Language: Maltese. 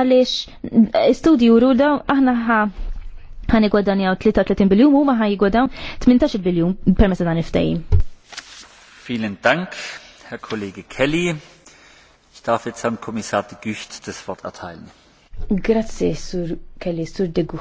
għalix studji juru daw aħna ħa ħan jaw 33 biljum u ma ħan 18 biljum permessa dan iftajim. Vielen Dank, Herr Kollege Kelly. Ich darf jetzt Herrn Kommissar de Gücht das Wort erteilen. Grazie, Sur Kelly, Sur de Gucht.